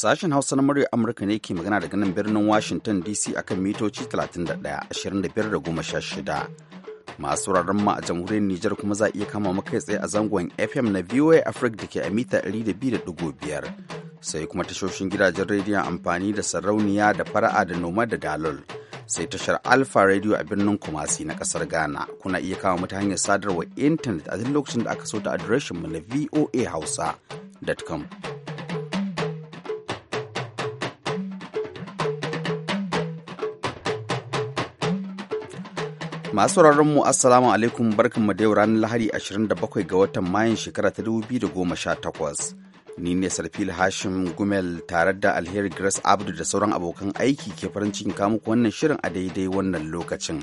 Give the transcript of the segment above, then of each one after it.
Sashen Hausa na murya Amurka ne ke magana daga nan birnin Washington DC akan mitoci 31-25-16. Masu wuraren ma a jamhuriyar Nijar kuma za iya kama maka tsaye a zangon FM na VOA Africa da ke a mita 200.5. Sai kuma tashoshin gidajen rediyon amfani da sarauniya da fara'a da noma da dalol. Sai tashar Alpha Radio a birnin Kumasi na kasar Ghana. Kuna iya kama mata hanyar sadarwar intanet a duk lokacin da aka so ta adireshinmu na voahausa.com. Masu sauraron mu Assalamu alaikum barkan da yau ranar Lahadi 27 ga watan Mayun shekara ta 2018. Ni ne Sarfil Hashim Gumel tare da Alheri Grace Abdu da sauran abokan aiki ke farin cikin muku wannan shirin a daidai wannan lokacin.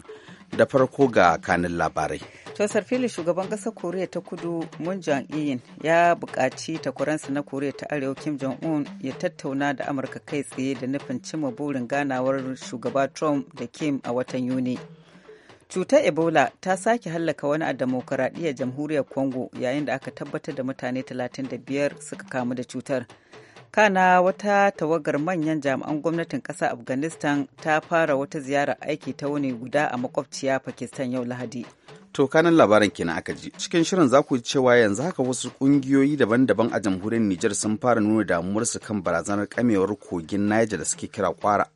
Da farko ga kanin labarai. To Sarfili shugaban ƙasar Koriya ta Kudu Moon Jae-in ya buƙaci takwaransa na Koriya ta Arewa Kim Jong-un ya tattauna da Amurka kai tsaye da nufin cimma burin ganawar shugaba Trump da Kim a watan Yuni. cutar ebola ta sake hallaka wani a demokuraɗiyyar jamhuriyar congo yayin da aka tabbatar da mutane 35 suka kamu da cutar kana wata tawagar manyan jami'an gwamnatin ƙasa afghanistan ta fara wata ziyara aiki ta wani guda a makwabciya pakistan yau lahadi to kanan labaran kenan aka ji cikin shirin zaku ku ji cewa yanzu haka wasu ƙungiyoyi daban-daban a jamhuriyar Nijar sun fara nuna damuwarsu kan barazanar kamewar kogin Niger da suke kira kwara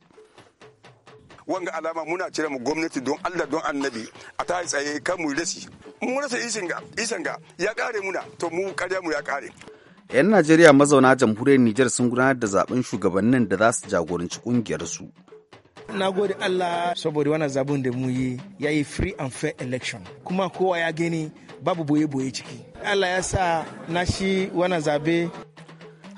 wanga alama muna cire mu gwamnati don Allah don annabi a ta tsaye kan mu rasi mu rasa isinga isanga ya kare muna to mu karya mu ya kare 'yan najeriya mazauna jamhuriyar nijar sun gudanar da zaben shugabannin da za su jagoranci ƙungiyarsu. na gode allah saboda wannan zaben da mu yi yayi free and fair election kuma kowa ya gani babu boye-boye ciki allah ya sa na shi wannan zabe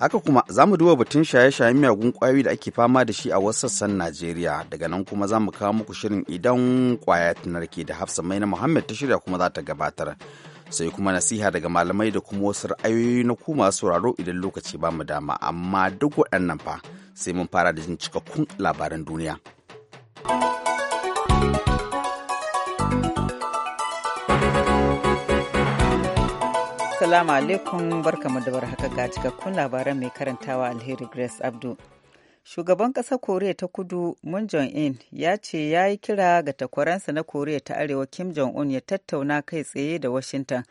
haka kuma za mu duba batun shaye-shayen miyagun kwayoyi da ake fama da shi a wasu sassan najeriya daga nan kuma za mu kawo muku shirin idan kwaya narke da hafsa maina muhammad ta shirya kuma za ta gabatar sai kuma nasiha daga malamai da kuma wasu ra'ayoyi na kuma masu sauraro idan lokaci ba mu dama amma duk waɗannan fa sai mun fara da jin cikakkun labaran duniya. Assalamu alaikum barkamu da haka ga cikakkun labaran mai karantawa Alheri Grace Abdu. Shugaban ƙasar Koriya ta Kudu Moon Jong-in ya ce ya yi kira ga takwaransa na Koriya ta Arewa Kim Jong-un ya tattauna kai tsaye da Washington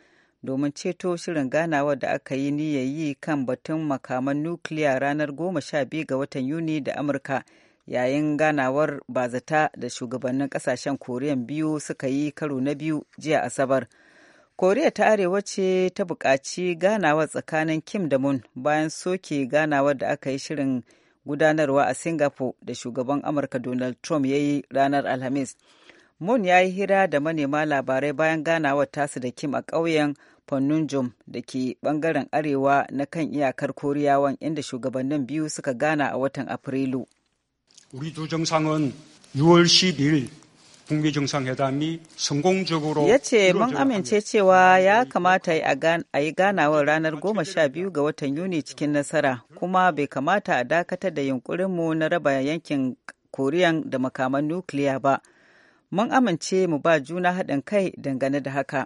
domin ceto shirin ganawar da aka yi niyyar yi kan batun makaman nukiliya ranar goma sha biyu ga watan Yuni da Amurka yayin ganawar bazata da shugabannin ƙasashen koriya biyu suka yi karo na biyu jiya Asabar. koriya ta arewa ce ta buƙaci ganawa tsakanin kim da mun bayan soke ganawar da aka yi shirin gudanarwa a singapore da shugaban amurka donald trump ya yi ranar alhamis mun ya yi hira da manema labarai bayan ganawar tasu da kim a ƙauyen Panmunjom da ke ɓangaren arewa na kan iyakar koriyawan inda shugabannin biyu suka gana a watan afrilu. 우리 두 정상은 6월 일 ya ce mun amince cewa ya kamata a yi ganawar ranar goma sha biyu ga watan yuni cikin nasara kuma bai kamata a dakatar da yunkurinmu na raba yankin koriyan da makaman nukiliya ba mun amince mu ba juna haɗin kai dangane da haka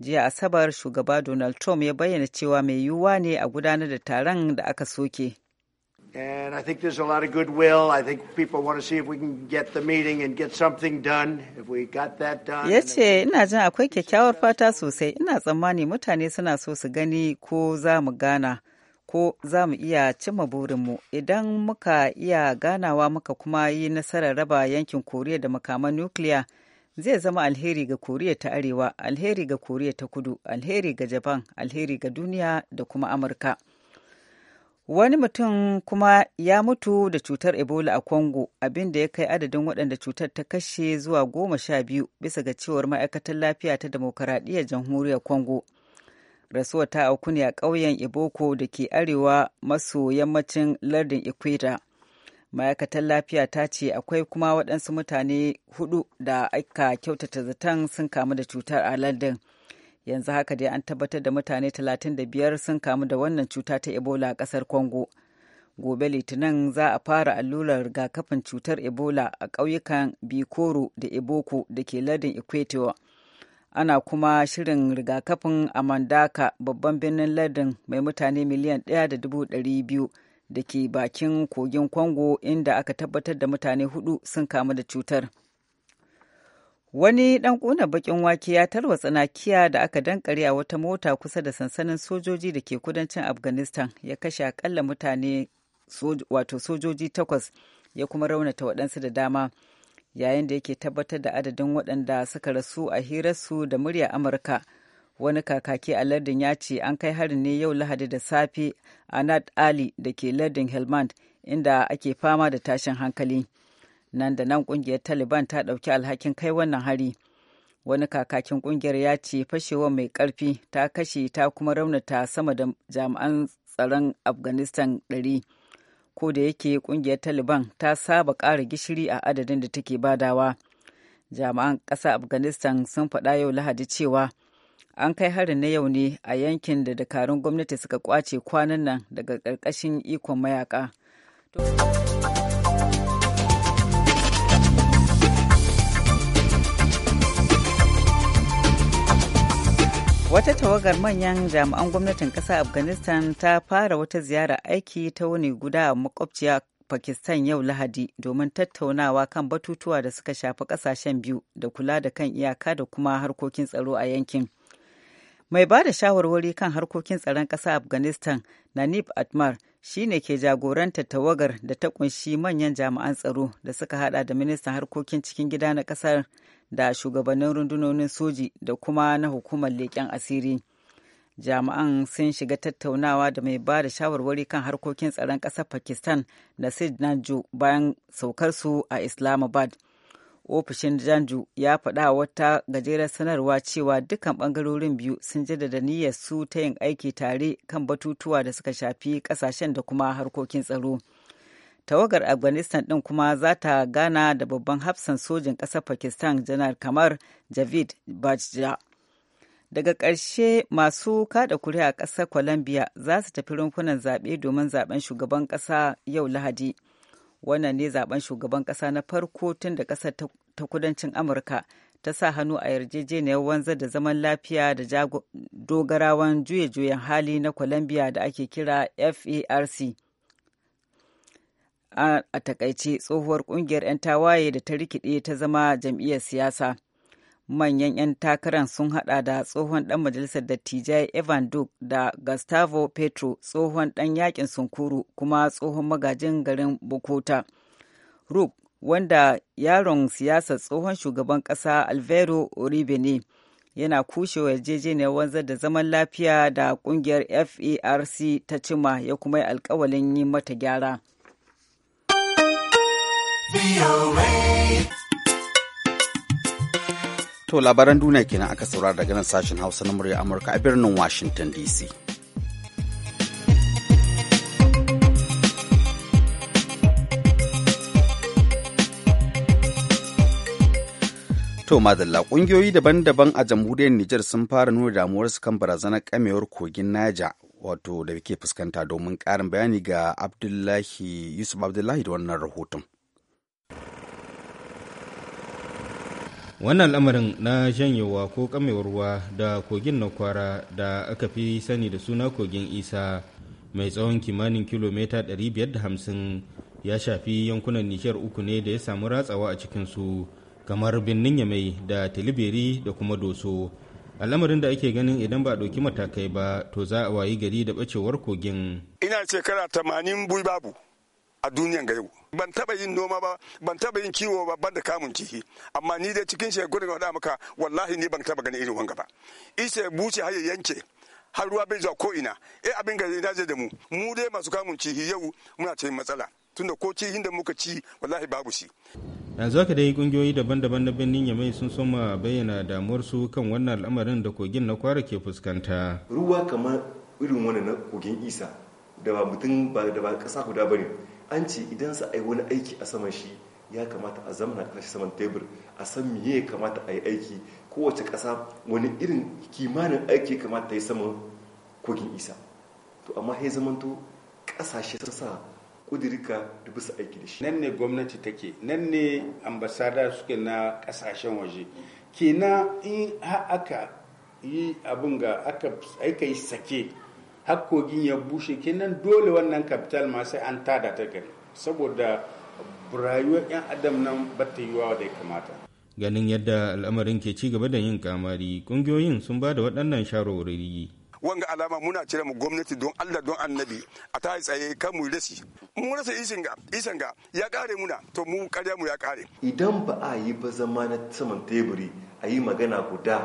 jiya asabar shugaba donald trump ya bayyana cewa mai yiwuwa ne a gudanar da taron da aka soke And I think there's a lot of goodwill. I think people want to see if we can get the meeting and get something done. If we got that done. Ya ce, ina jin akwai kyakkyawar fata sosai. Ina tsammani mutane suna so su gani ko za mu gana, ko za mu iya cimma burinmu. Idan muka iya ganawa muka kuma yi nasarar raba yankin Koriya da makaman nukiliya, zai zama alheri ga Koriya ta Arewa, alheri ga Koriya ta Kudu, alheri ga Japan, alheri ga duniya da kuma Amurka. wani mutum kuma ya mutu da cutar ebola a congo abinda ya kai adadin waɗanda cutar ta kashe zuwa goma sha biyu bisa ga cewar ma'aikatar lafiya ta demokaradiyyar jamhuriyar congo Rasuwa ta auku ne a ƙauyen iboko da ke arewa maso yammacin lardin equator ma'aikatar lafiya ta ce akwai kuma waɗansu mutane hudu da aka kyautata zaton sun kamu da cutar a lardin yanzu haka dai an tabbatar da mutane 35 sun kamu da wannan cuta ta ebola a kasar congo gobe litinin za a fara allurar rigakafin cutar ebola a ƙauyukan bikoro da eboko da ke lardin equator ana kuma shirin rigakafin a mandaka babban birnin lardin mai mutane miliyan 1.200 da ke bakin kogin congo inda aka tabbatar da mutane hudu sun kamu da cutar. Wani ɗan ƙuna baƙin wake ya tarwatsa nakiya da aka dankare a wata mota kusa da sansanin sojoji da ke kudancin Afghanistan ya kashe akalla mutane wato sojoji takwas ya kuma raunata waɗansu da dama yayin da yake tabbatar da adadin waɗanda suka rasu a hirarsu da murya Amurka. Wani kakaki a lardin ya ce an kai harin ne yau Lahadi da safe a nad Ali da ke lardin Helmand inda ake fama da tashin hankali. nan da nan kungiyar taliban ta ɗauki alhakin kai wannan hari wani kakakin kungiyar ya ce fashewa mai ƙarfi ta kashe ta kuma raunata sama da jami'an tsaron afghanistan 100 ko da yake kungiyar taliban ta saba ƙara gishiri a adadin da take badawa jami'an ƙasa afghanistan sun faɗa yau lahadi cewa an kai harin na yau ne a yankin da dakarun gwamnati suka kwace kwanan nan daga ƙarƙashin ikon mayaka. Wata tawagar manyan jami'an gwamnatin ƙasa Afghanistan ta fara wata ziyara aiki ta wani guda a makwabciya Pakistan yau Lahadi domin tattaunawa kan batutuwa da suka shafi ƙasashen biyu da kula da kan iyaka da kuma harkokin tsaro a yankin. mai ba da shawarwari kan harkokin tsaron ƙasa afghanistan nanif atmar shi ne ke jagoranta tawagar da ta kunshi manyan jami'an tsaro da suka hada da ministan harkokin cikin gida na ƙasar da shugabannin rundunonin soji da kuma na hukumar leƙen asiri jami'an sun shiga tattaunawa da mai ba da shawarwari kan harkokin tsaron ƙasar pakistan da sid bayan saukarsu a islamabad ofishin janju ya faɗa wata gajerar sanarwa cewa dukkan ɓangarorin biyu sun jaddada niyyar su ta yin aiki tare kan batutuwa da suka shafi ƙasashen da kuma harkokin tsaro tawagar afghanistan ɗin kuma za ta gana da babban hafsan sojin ƙasar pakistan janar kamar javid bajja daga ƙarshe masu kada a ƙasar colombia za su tafi rumfunan zaɓe domin zaɓen shugaban ƙasa yau lahadi wannan ne zaben shugaban kasa na farko tun da kasar ta kudancin amurka ta sa hannu a yarjejeniyar wanzar da zaman lafiya da dogarawan juye-juyen hali na colombia da ake kira farc a takaice tsohuwar kungiyar 'yan tawaye da ta rikide ta zama jam'iyyar siyasa manyan 'yan takarar sun hada da tsohon dan majalisar dattijai evan duke da gustavo petro tsohon dan yakin sunkuru kuma tsohon magajin garin bukota rook wanda yaron siyasar tsohon shugaban kasa alvaro uribe ne yana kushewa yarjejeniyar wanzar da zaman lafiya da kungiyar ferc ta cima ya kuma yi alkawalin yi mata gyara. To labaran duniya kenan aka saurara daga nan sashen Hausa na murya Amurka a birnin Washington DC. To madalla ƙungiyoyi daban-daban a jamhuriyar Nijar sun fara nuna damuwar su kan barazanar kamewar kogin Naja wato da ke fuskanta domin karin bayani ga Abdullahi Yusuf Abdullahi da wannan rahoton. wannan al'amarin na janyewa ko kamewar ruwa da kogin na kwara da aka fi sani da suna kogin isa mai tsawon kimanin kilomita 550 ya shafi yankunan nishiyar uku ne da ya samu ratsawa a cikinsu kamar birnin yamai da tilibiri da kuma doso al'amarin da ake ganin idan ba a ɗauki matakai ba to za a wayi gari da ɓacewar kogin ina shekara 80 babu a duniyan ga yau ban taba yin noma ba ban taba yin kiwo ba ban da kamun kifi amma ni dai cikin ya gudun wada maka wallahi ni ban taba ganin irin wanga ba ise buce har yanke har ruwa bai zuwa ko ina eh abin gari na da mu mu dai masu kamun kifi yau muna cikin matsala tunda ko kihin da muka ci wallahi babu shi yanzu haka dai kungiyoyi daban-daban na birnin yamai sun soma bayyana damuwarsu kan wannan al'amarin da kogin na kwara ke fuskanta ruwa kamar irin wani na kogin isa da ba mutum ba da ba kasa guda bane an ce idan sa a yi wani aiki a saman shi ya kamata a zama zamana kasashe saman tebur a san miye ya kamata a yi aiki kowace ƙasa wani irin kimanin aiki kamata ta yi saman kogin isa to amma ya zamanto ƙasashe sun sa kudirka da bisa aiki da shi nan ne gwamnati take nan ne ambasada suke na ƙasashen waje kina in aka yi abin ga aka yi sake hakkogin ya bushe kenan dole wannan kapital ma sai an tada ta gani saboda rayuwar 'yan adam nan ba ta yiwa da ya kamata ganin yadda al'amarin ke ci gaba da yin kamari kungiyoyin sun ba da waɗannan shawarwari wanga alama muna cire mu gwamnati don Allah don annabi a ta tsaye kan mu rasi mu rasa isinga isanga ya kare muna to mu karya mu ya kare idan ba a yi ba zama na saman teburi a yi magana guda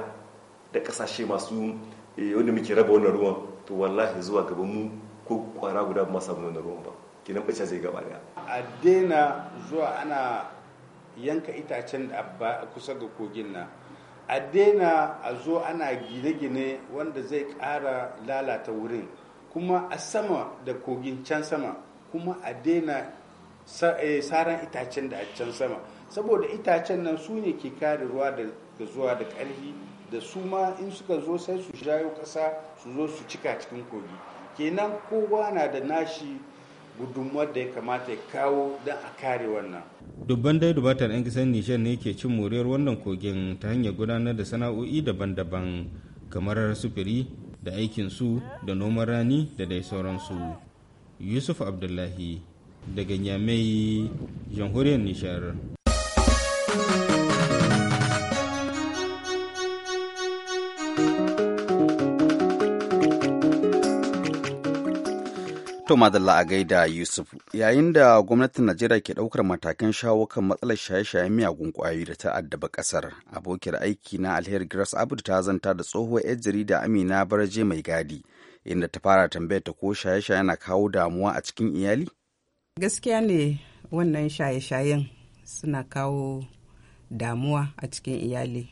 da kasashe masu eh, wanda muke raba wannan ruwan to wallahi zuwa gaba mu ko kwara guda ba samu nuna ruwan ba kinan bace zai gaba daya a daina zuwa ana yanka itacen da abba kusa ga kogin na a daina a zo ana gine-gine wanda zai kara lalata wurin kuma a sama da kogin can sama kuma a daina eh, saran itacen da a can sama saboda itacen nan su ne ke kare ruwa da zuwa da ƙarfi da su ma in suka zo sai su shayo ƙasa su zo su cika cikin kogi kenan kowa na da nashi gudunmuwar da ya kamata ya kawo don a kare wannan. Dubban dai dubatar 'yan kisan nishan ne ke cin moriyar wannan kogin ta hanyar gudanar da sana'o'i daban-daban kamar sufuri da aikin su da noman rani da dai sauransu. Yusuf Abdullahi daga Nyamai, jamhuriyar nishar To madalla a gaida Yusuf yayin da gwamnatin Najeriya ke ɗaukar matakan shawo kan matsalar shaye-shayen miyagun kwayoyi da ta addaba ƙasar. Abokiyar aiki na Alheri Grace Abdu ta zanta da tsohuwar 'yar jarida Amina Baraje mai gadi inda ta fara tambayar ta ko shaye-shaye na kawo damuwa a cikin iyali. Gaskiya ne wannan shaye-shayen suna kawo damuwa a cikin iyali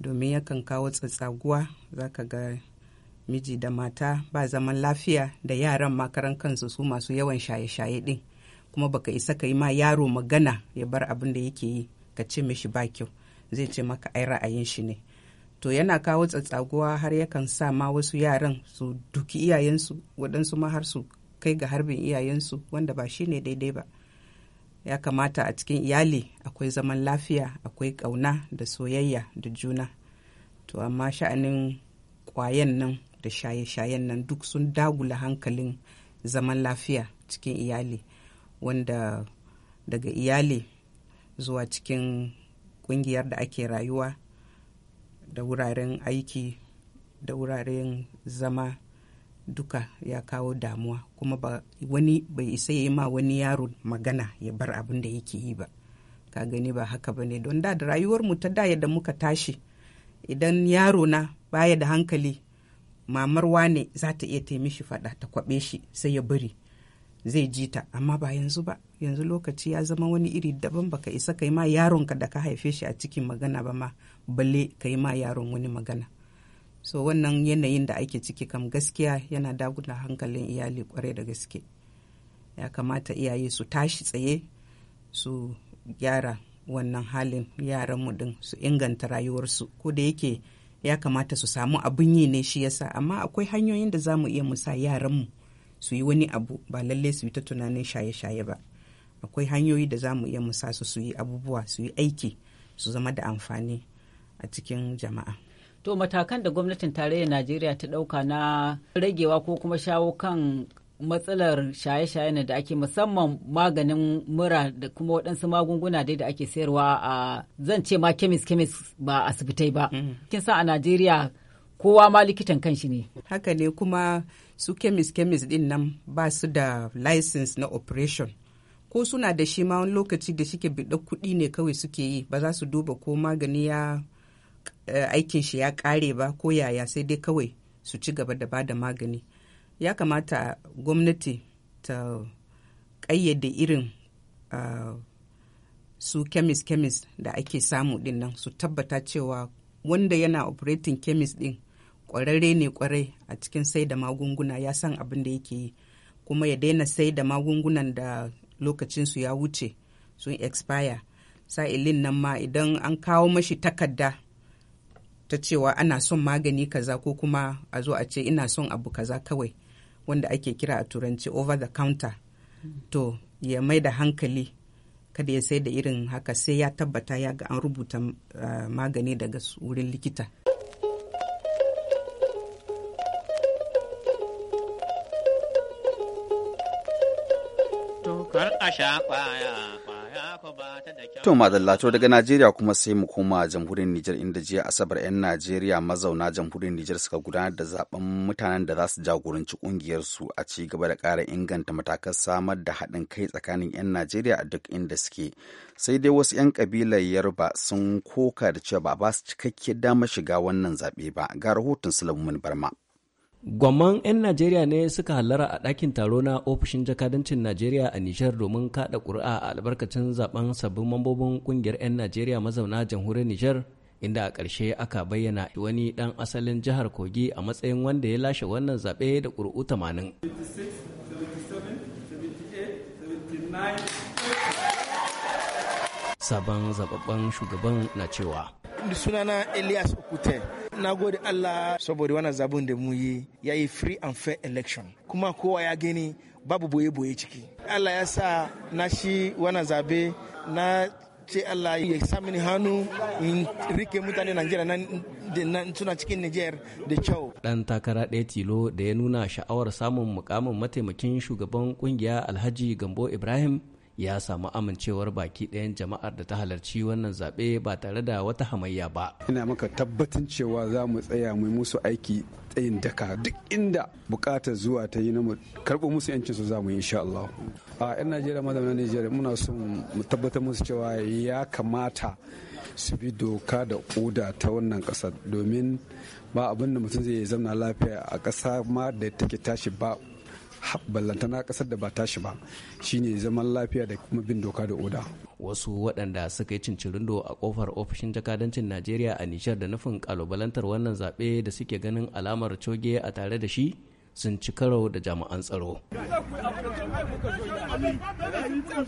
domin yakan kawo tsatsaguwa zaka ga miji da mata ba zaman lafiya da yaran makaran kansu su masu yawan shaye-shaye din kuma baka isa ka yi ma yaro magana ya bar abin da yake yi ka ce mishi ba kyau zai ce maka ai ra'ayin shi ne to yana kawo tsatsaguwa har yakan sa ma wasu yaran su duki iyayensu waɗansu ma har su kai ga harbin iyayensu wanda ba shine daidai ba ya kamata a cikin iyali akwai zaman lafiya akwai ƙauna da soyayya da juna to amma sha'anin ƙwayan nan da shaye-shayen nan duk sun dagula hankalin zaman lafiya cikin iyali wanda daga iyali zuwa cikin kungiyar da ake rayuwa da wuraren aiki da wuraren zama duka ya kawo damuwa kuma ba wani bai isa ya yi ma wani yaro magana ya bar abin da yake yi ba ka gani ba haka ba ne don da da mu ta da muka tashi idan yaro na baya da hankali mamar wane za ta iya taimi shi faɗa ta kwaɓe shi sai ya bari zai ji ta amma ba yanzu ba yanzu lokaci ya zama wani iri daban baka isa ka yi ma yaronka da ka haife shi a cikin magana ba ma Bale ka ma yaron wani magana so wannan yanayin da ake ciki kam gaskiya yana daguna hankalin iyali kwarai da gaske ya kamata iyaye su tashi tsaye su gyara wannan halin yaran mu din su inganta rayuwarsu ko da yake ya kamata su samu abin yi ne shi yasa amma akwai hanyoyin da za mu iya musa yaranmu su yi wani abu ba lalle su yi ta tunanin shaye-shaye ba akwai hanyoyi da za mu iya musa su su yi abubuwa su yi aiki su zama da amfani a cikin jama'a to matakan da gwamnatin tarayyar najeriya ta ɗauka na ragewa ko kuma shawo kan matsalar shaye-shaye ne da ake musamman maganin mura da kuma waɗansu magunguna dai da ake sayarwa a zan ce ma kemis kemis ba asibitai ba mm. kin san a najeriya kowa ma likitan kanshi ne haka ne kuma su kemis kemis din nan ba su da license na operation ko suna da shi ma wani lokaci da ke biɗa kuɗi ne kawai suke yi ba za su duba ko magani ya eh, aikin shi ya kare ba ko yaya sai dai kawai su ci gaba da bada magani ya kamata gwamnati ta ƙayyade irin su kemis-kemis da ake samu din nan su tabbata cewa wanda yana operating kemis din ƙwararre ne kwarai a cikin sai da magunguna ya san abin da yake yi kuma ya daina sai da magungunan da lokacinsu ya wuce sun expire sa'ilin nan ma idan an kawo mashi takarda ta cewa ana son magani kaza ko kuma a zo a ce ina son abu kaza kawai wanda ake kira a turanci over the counter to ya mai da hankali kada ya sai da irin haka sai ya tabbata ya ga an rubuta ah, magani daga wurin likita kar a sha kwaya To madallato daga Najeriya kuma sai mu koma jamhuriyar Nijar inda jiya Asabar 'yan Najeriya mazauna jamhuriyar Nijar suka gudanar da zaben mutanen da za su jagoranci kungiyarsu a ci gaba da ƙara inganta matakan samar da haɗin kai tsakanin 'yan Najeriya a duk inda suke. Sai dai wasu 'yan kabilar Yarba sun koka da cewa ba ba su cikakkiyar damar shiga wannan zaɓe ba ga rahoton Sulaiman Barma. Gwamman 'yan Najeriya ne suka hallara a ɗakin taro na ofishin jakadancin Najeriya a Nijar domin kaɗa ƙuri'a a albarkacin zaben sabbin mambobin ƙungiyar 'yan Najeriya mazauna jamhuriyar Nijar inda a ƙarshe aka bayyana wani ɗan asalin jihar Kogi a matsayin wanda ya lashe wannan zaɓe da ƙuri'u tamanin. Sabon zababben shugaban na cewa sunana Elias Okute. Na gode Allah saboda wannan zabin da mu yi ya yi free and fair election. Kuma kowa ya gani babu boye-boye ciki. Allah ya sa na shi wannan zabe na ce Allah ya sa mini hannu in rike mutane Najeriya nan tuna cikin Niger da kyau. Dan takara ɗaya tilo da ya nuna sha'awar samun mukamin mataimakin shugaban kungiya Alhaji Gambo Ibrahim ya samu amincewar baki ɗayan jama'ar da ta halarci wannan zaɓe ba tare da wata hamayya ba. Ina maka tabbatin cewa za mu tsaya mu musu aiki tsayin daka duk inda bukatar zuwa ta yi na mu musu yancin su za mu yi insha Allah. A 'yan Najeriya mazauna Najeriya muna so mu tabbatar musu cewa ya kamata su bi doka da ƙuda ta wannan ƙasa domin ba abin da mutum zai zauna lafiya a ƙasa ma da take tashi ba ballantana kasar da ba tashi ba shine zaman lafiya da kuma bin doka da oda wasu waɗanda suka yi cincirindo a kofar ofishin jakadancin najeriya a nishar da nufin kalubalantar wannan zaɓe da suke ganin alamar coge a tare da shi sun ci karo da jami'an tsaro.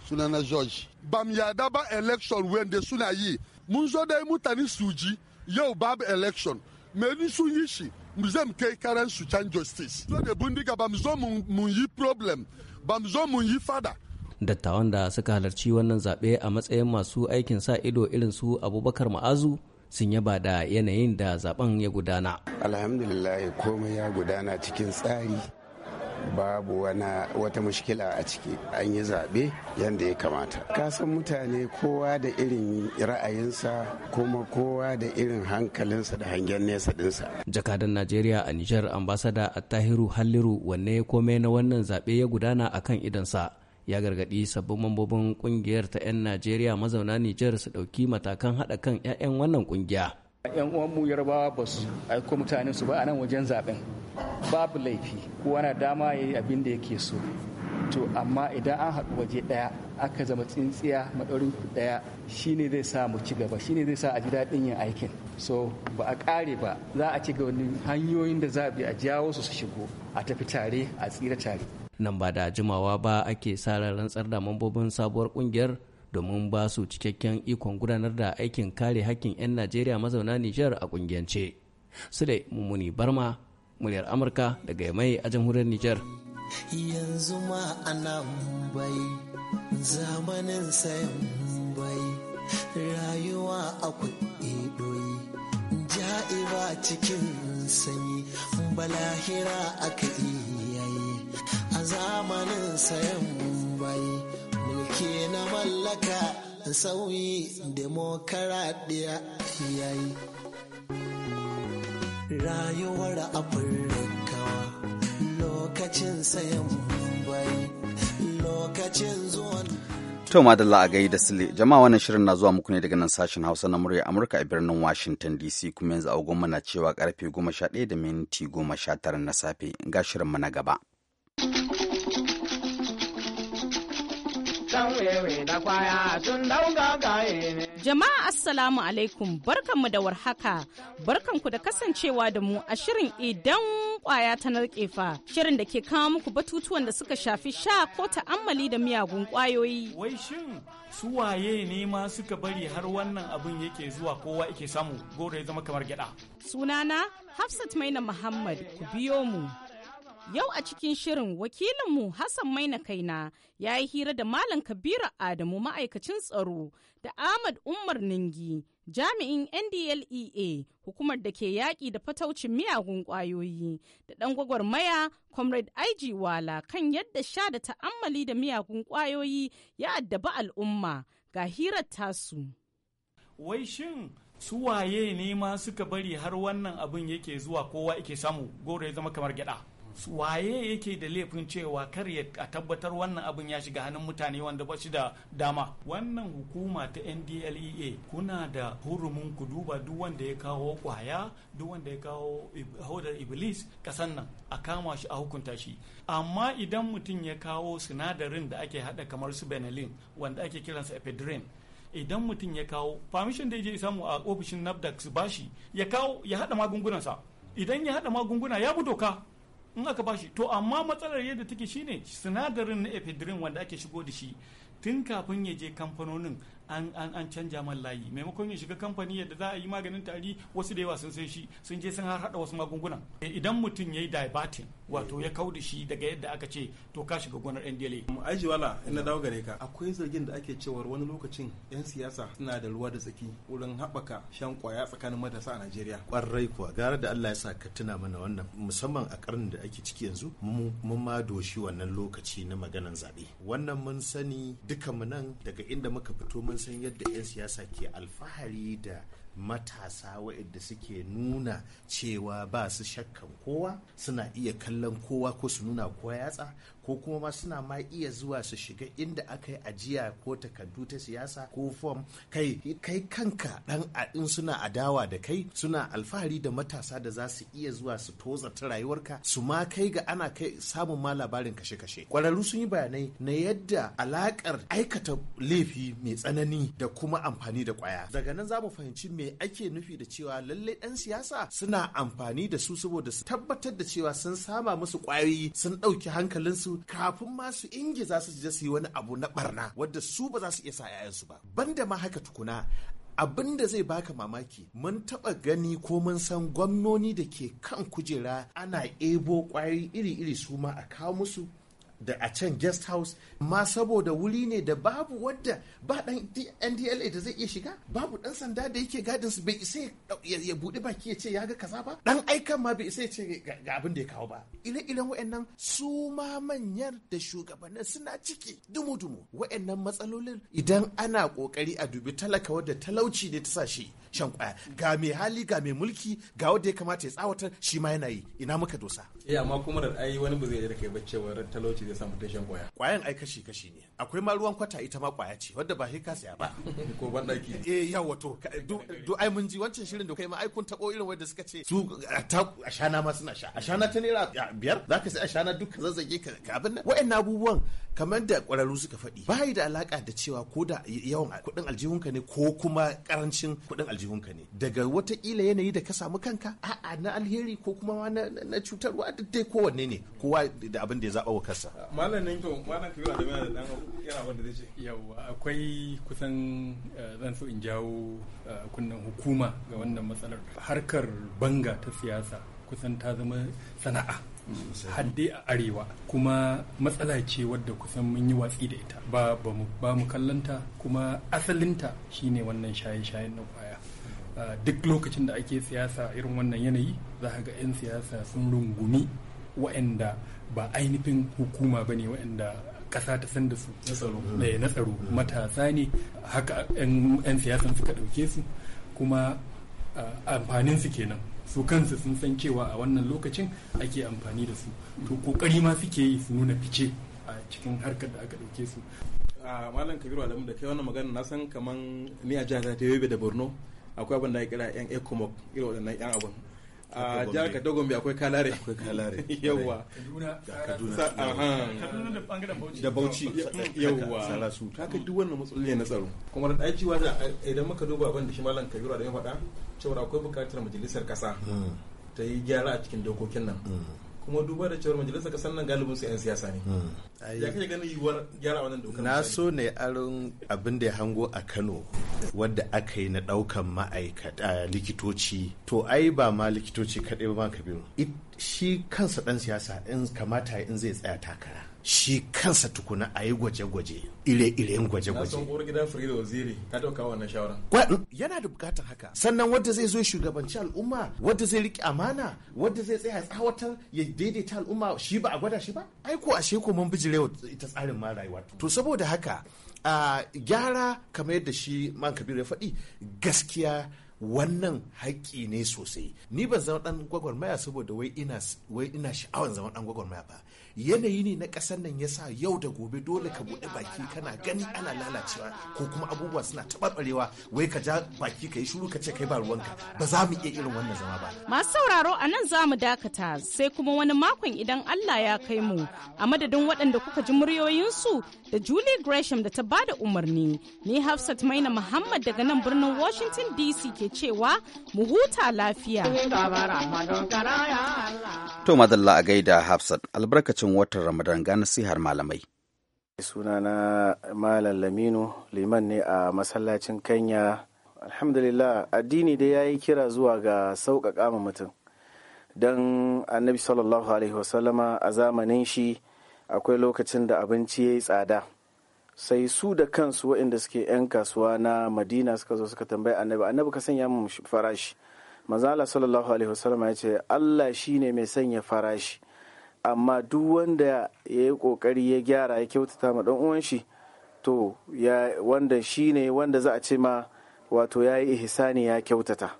Sunana George, ba yada ba election wanda suna yi, mun zo dai mutane suji yau babu election, me sun yi shi mu zai karen kai su can justice so da bindiga ba mu zo mun yi problem ba zo mun yi fada dattawan da suka halarci wannan zaɓe a matsayin masu aikin sa ido irin su abubakar ma'azu sun yaba da yanayin da zaben ya gudana alhamdulillah komai ya gudana cikin tsari babu wana wata mushkila a ciki an yi zaɓe yadda ya kamata kasan mutane kowa da irin ra'ayinsa kuma kowa da irin hankalinsa da hangen nesa dinsa jakadan najeriya a nijar ambasada a tahiru halliru wanne kome na wannan zaɓe ya gudana a kan idansa ya gargaɗi sabbin mambobin ƙungiyar ta 'yan najeriya mazauna nijar su ɗauki matakan haɗa kan 'ya'yan wannan ƙungiya 'yan uwanmu yarbawa ba su aiko mutanen su ba a nan wajen zaɓen babu laifi na dama ya yi abin da yake so to amma idan an haɗu waje ɗaya aka zama tsintsiya maɗaurin ku ɗaya shine zai sa mu ci gaba shine zai sa a ji daɗin yin aikin so ba a ƙare ba za a ci ga wani hanyoyin da za a bi a jawo su su shigo a tafi tare a tsira tare nan ba da jimawa ba ake sa rantsar da mambobin sabuwar kungiyar domin ba su cikakken ikon gudanar da aikin kare hakkin 'yan najeriya mazauna nijar a kungiyance sule mummuni barma muryar amurka daga mai a jamhuriyar Nijar. yanzu ma ana bai zamanin sayan bai rayuwa a kuɗi ɗoyi ja'iba cikin sanyi balahira aka yayi a zamanin sayan bai mulki na mallaka sauyi demokaradiyya yayi rayuwar afirka lokacin sayan mumbai lokacin zuwan To madalla a gaida sile jama'a wannan shirin na zuwa muku ne daga nan sashen Hausa na murya Amurka a birnin Washington DC kuma yanzu agogon na cewa karfe 11 da minti sha 19 na safe ga shirin mu na gaba. Sanwewe da kwaya sun dauga gaye Jama'a Assalamu alaikum barkanmu da warhaka barkanku da kasancewa da mu a shirin idan kwaya ta narkefa shirin da ke kawo muku batutuwan da suka shafi sha ko ta'ammali da miyagun kwayoyi. Wai shin su waye ne ma suka bari har wannan abin yake zuwa kowa yake samu gore zama kamar gyada. Sunana Hafsat Maina Muhammad ku biyo mu. Yau a cikin shirin wakilinmu Hassan Maina Kaina ya yi hira da Malam Kabiru Adamu ma'aikacin tsaro da Ahmad Umar Ningi jami'in NDLEA hukumar da ke yaƙi da fataucin miyagun ƙwayoyi da ɗan gwagwarmaya Comrade IG Wala kan yadda sha da ta'ammali da miyagun ƙwayoyi ya addaba al'umma ga hirar tasu. Wai shin su waye ne ma suka bari har wannan abin yake zuwa kowa yake samu goro ya zama kamar gyada. waye yake da laifin cewa kar ya a tabbatar wannan abin ya shiga hannun mutane wanda ba shi da dama wannan hukuma ta ndlea kuna da hurumin ku duba duk wanda ya kawo kwaya duk wanda ya kawo hodar iblis kasan nan a kama shi a hukunta shi amma idan mutum ya kawo sinadarin da ake hada kamar su benelin wanda ake kiransa epidrin idan mutum ya kawo permission da ya je samu a ofishin nafdax bashi ya kawo ya hada magungunansa idan ya hada magunguna ya bi doka in aka ba shi to amma matsalar yadda take shine sinadarin na ephedrine wanda ake shigo da shi tun kafin ya je kamfanonin an an an canja man layi maimakon yin shiga kamfani yadda za a yi maganin tari wasu da yawa sun sai shi sun je sun har hada wasu magungunan eh, idan mutum ya yayi diabetes wato ya kauda shi daga yadda aka ce to ka shiga gonar NDLA mu aji wala ina dawo gare ka akwai zargin da ake cewa wani lokacin yan siyasa suna da ruwa da tsaki wurin haɓaka shan kwaya tsakanin matasa a Najeriya kwarai kuwa gara da Allah ya sa ka tuna mana wannan musamman a karnin da ake ciki yanzu mun ma doshi wannan lokaci na maganan zabe wannan mun sani dukkan mu nan daga inda muka fito mun mun san yadda 'yan siyasa ke alfahari da matasa waɗanda suke nuna cewa ba su shakkan kowa suna iya kallon kowa ko su nuna kowa yatsa ko kuma ma suna ma iya zuwa su shiga inda aka yi ajiya ko takardu ta siyasa ko fom kai kai kanka dan in suna adawa da kai suna alfahari da matasa da za su iya zuwa su toza ta rayuwarka su ma kai ga ana kai samun ma labarin kashe-kashe kwararru sun yi bayanai na yadda alakar aikata laifi mai tsanani da kuma amfani da kwaya daga nan za mu fahimci me me ake nufi da cewa lalle ɗan siyasa suna amfani da su saboda su tabbatar da cewa sun sama musu ƙwayoyi sun ɗauki hankalinsu kafin ma su ingiza su je su yi wani abu na barna wadda su ba za su iya sa 'ya'yansu ba banda ma haka tukuna abin da zai baka mamaki mun taɓa gani ko mun san gwamnoni da ke kan kujera ana ebo kwayoyi iri-iri su ma a kawo musu da a can guest house ma saboda wuri ne da babu wadda ba dan ndla da zai iya shiga babu dan sanda da yake gadin su bai isa ya bude baki ya ce ya ga kaza ba dan aikan ma bai isa ya ce ga abin da ya kawo ba ire-iren wayannan su ma manyan da shugabannin suna ciki dumu-dumu wayannan matsalolin idan ana kokari a dubi talaka wadda talauci ne ta sa shi shan kwaya ga mai hali ga mai mulki ga wadda ya kamata ya tsawatar shi ma yana yi ina muka dosa eh amma kuma da ai wani ba zai yi da kai bacce wa talauci zai samu tashin kwaya kwayan ai kashi kashi ne akwai ma ruwan kwata ita ma kwaya ce wadda ba sai ka saya ba ko ban daki eh yawa to duk ai mun ji wancan shirin da kai ma ai kun tabo irin wanda suka ce su a shana ma suna sha a shana ta naira biyar zaka sai a shana duka zazzage ka abin nan wa'annan abubuwan kamar da kwararru suka faɗi ba da alaka da cewa ko da yawan kuɗin aljihunka ne ko kuma karancin kuɗin aljihunka ne daga watakila yanayi da ka samu kanka a'a na alheri ko kuma na cutarwa duk dai kowanne ne kowa da abin da ya zaɓa wa kansa. malam nan to malam kabiru adamu yana da yana wanda zai ce. yawa akwai kusan eh, zan so in jawo eh, kunnen hukuma ga wannan matsalar harkar banga ta siyasa kusan ta zama sana'a hadde a arewa kuma matsala ce wadda kusan mun yi watsi da ita ba mu kallanta kuma asalinta shine wannan shaye-shayen na kwaya duk lokacin da ake siyasa irin wannan yanayi za ga 'yan siyasa sun rungumi wa'anda ba ainihin hukuma ba ne wa'anda ƙasa ta san da su na tsaro eh, matasa ne haka 'yan siyasan suka ɗauke su kuma amfanin su kenan su kansu sun san cewa a wannan lokacin ake amfani da su to kokari ma suke yi su nuna fice a cikin harkar da aka ɗauke su a malam kabiru alamu da kai wannan magana na san kaman ni a jihar ta yobe da borno akwai abin da ya kira yan ecomog irin wadannan yan abin a jihar ka dogon akwai kalare akwai kalare yawa kaduna da bauchi yawa sarasu kaga duk wannan matsaloli na tsaro kuma da daji wata idan muka duba abin da shi malam kabira da ya faɗa cewa akwai bukatar majalisar kasa hmm. ta yi gyara a cikin dokokin nan hmm. kuma duba da cewar majalisar kasar nan galibin su 'yan siyasa ne hmm. ya kake ganin yiwuwar gyara wannan dokar na so ne aron abin da ya hango a kano wadda aka yi na daukan ma'aikata likitoci to ai ba ma likitoci kaɗai ba ma kabiru shi kansa ɗan siyasa in kamata in zai tsaya takara shi kansa tukuna a yi gwaje-gwaje ire-iren gwaje-gwaje. Na gida Firida Waziri ta wannan shawara. Yana da bukatar haka. Sannan wadda zai zo shugabanci al'umma, wadda zai riƙe amana, wadda zai tsaya tsawatar ya daidaita al'umma shi ba a gwada shi ba. Ai ko ashe ko mun bijire ita tsarin ma rayuwa. To saboda haka a gyara kamar yadda shi man Kabiru ya faɗi gaskiya wannan haƙƙi ne sosai ni ban zama ɗan gwagwarmaya saboda wai ina sha'awar zama ɗan gwagwarmaya ba yanayi ne na ƙasar nan ya sa yau da gobe dole ka buɗe baki kana gani ana lalacewa ko kuma abubuwa suna taɓarɓarewa wai ka ja baki ka yi shuru ka ce kai ba ruwanka ba za mu iya irin wannan zama ba. Masu sauraro a nan za mu dakata sai kuma wani makon idan Allah ya kai mu a madadin waɗanda kuka ji muryoyinsu da Julie Gresham da ta bada umarni ni Hafsat Maina Muhammad daga nan birnin Washington DC ke cewa mu huta lafiya. To madalla a gaida Hafsat albarkacin albarkacin watan Ramadan ga nasihar malamai. Sunana Malam Laminu liman ne a masallacin Kenya. Alhamdulillah addini da ya yi kira zuwa ga sauƙaƙa ma mutum. Don annabi sallallahu alaihi wasallama a zamanin shi akwai lokacin da abinci ya yi tsada. sai su da kansu waɗanda suke 'yan kasuwa na madina suka zo suka tambayi annabi annabi ka sanya mu farashi manzo sallallahu alaihi wasallama ya ce Allah shi ne mai sanya farashi amma duk wanda ya yi kokari ya gyara ya kyautata ma dan uwan shi to ya wanda shi ne wanda za a ce ma wato ya yi ihsani ya kyautata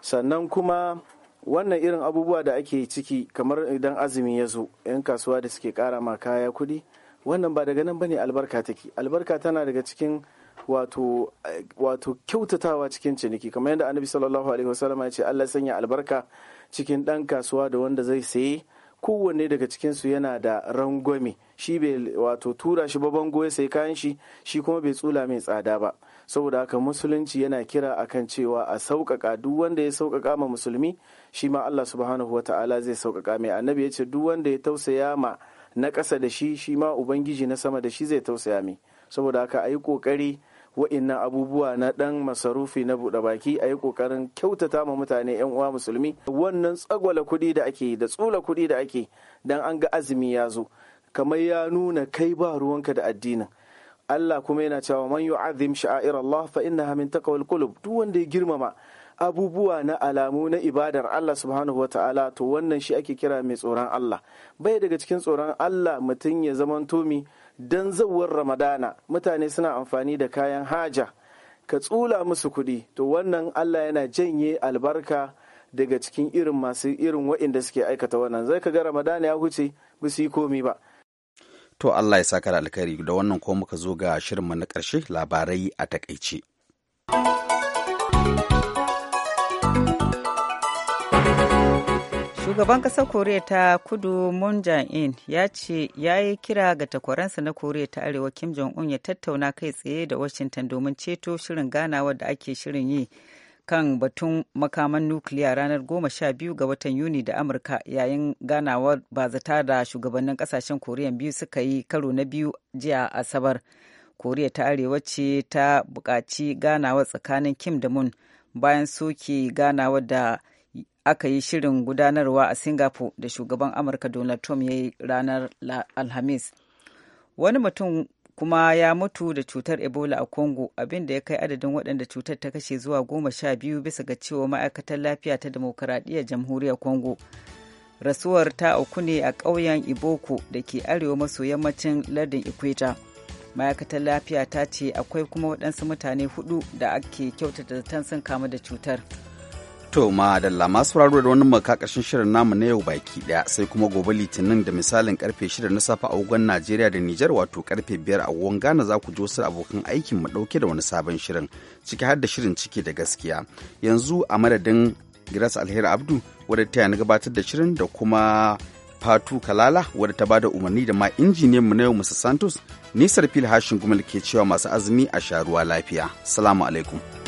sannan kuma wannan irin abubuwa da ake ciki kamar idan azumi ya zo 'yan kasuwa da suke kara ma kaya kuɗi wannan ba daga nan bane albarka take albarka tana daga cikin wato wato kyautatawa cikin ciniki kamar yadda annabi sallallahu alaihi wasallam ya ce Allah sanya albarka cikin dan kasuwa da wanda zai saye kowanne daga cikinsu yana da rangwame shi bai wato tura shi ba bango ya sai kayan shi shi kuma bai tsula mai tsada ba saboda haka musulunci yana kira akan cewa a sauƙaƙa duk wanda ya sauƙaƙa ma musulmi shi ma Allah subhanahu wa ta'ala zai sauƙaƙa mai annabi ya ce duk wanda ya tausaya ma na ƙasa da shi shi ma ubangiji na sama da shi zai tausaya mai saboda haka a yi ƙoƙari wa'innan abubuwa na ɗan masarufi na buɗe baki a yi ƙoƙarin kyautata ma mutane 'yan uwa musulmi wannan tsagwala kuɗi da ake da tsula kuɗi da ake dan an ga azumi ya zo kamar ya nuna kai ba ruwanka da addinin Allah kuma yana cewa man yu'azzim sha'air Allah fa innaha min taqwal qulub duk wanda ya girmama abubuwa na alamu na ibadar Allah subhanahu wa ta'ala to wannan shi ake kira mai tsoron Allah bai daga cikin tsoron Allah mutum ya zamanto mi don zawar ramadana mutane suna amfani da kayan haja ka tsula musu kuɗi to wannan allah yana janye albarka daga cikin irin masu irin waɗanda suke aikata wannan zai ka ga ramadana ya huce ba yi komi ba to allah ya saka da alkhairi da wannan ko muka zo ga shirinmu na ƙarshe labarai a takaice. shugaban ƙasar koriya ta kudu moon jae-in ya ce ya yi kira ga takwaransa na koriya ta arewa kim jong-un ya tattauna kai tsaye da washington domin ceto shirin ganawa da ake shirin yi kan batun makaman nukiliya ranar 12 ga watan yuni da amurka yayin ganawar bazata da shugabannin kasashen koriya biyu suka yi karo na biyu jiya asabar koriya ta arewa ce ta bukaci ganawa tsakanin kim da moon bayan soke ganawa da aka yi shirin gudanarwa a singapore da shugaban amurka donald trump ya yi ranar alhamis wani mutum kuma ya mutu da cutar ebola a congo abinda ya kai adadin waɗanda cutar ta kashe zuwa goma sha biyu bisa ga cewa ma'aikatar lafiya ta demokaradiyyar jamhuriyar congo rasuwar ta auku ne a ƙauyen iboko da ke arewa maso yammacin lardin ikweta ma'aikatar lafiya ta ce akwai kuma waɗansu mutane hudu da ake kyautata zaton sun kamu da cutar To ma da lama sauraro da wani makakashin shirin namu na yau baki daya sai kuma gobe litinin da misalin karfe 6 na safe a wugan Najeriya da Nijar wato karfe 5 a wugan Ghana za ku ji wasu abokan aikin mu dauke da wani sabon shirin ciki har da shirin ciki da gaskiya. Yanzu a madadin Giras Alheri Abdu wadda ta na gabatar da shirin da kuma Fatu Kalala wadda ta bada umarni da ma injiniyan mu na yau Musa Santos nisar fil hashin gumal ke cewa masu azumi a sharuwa lafiya. Salamu alaikum.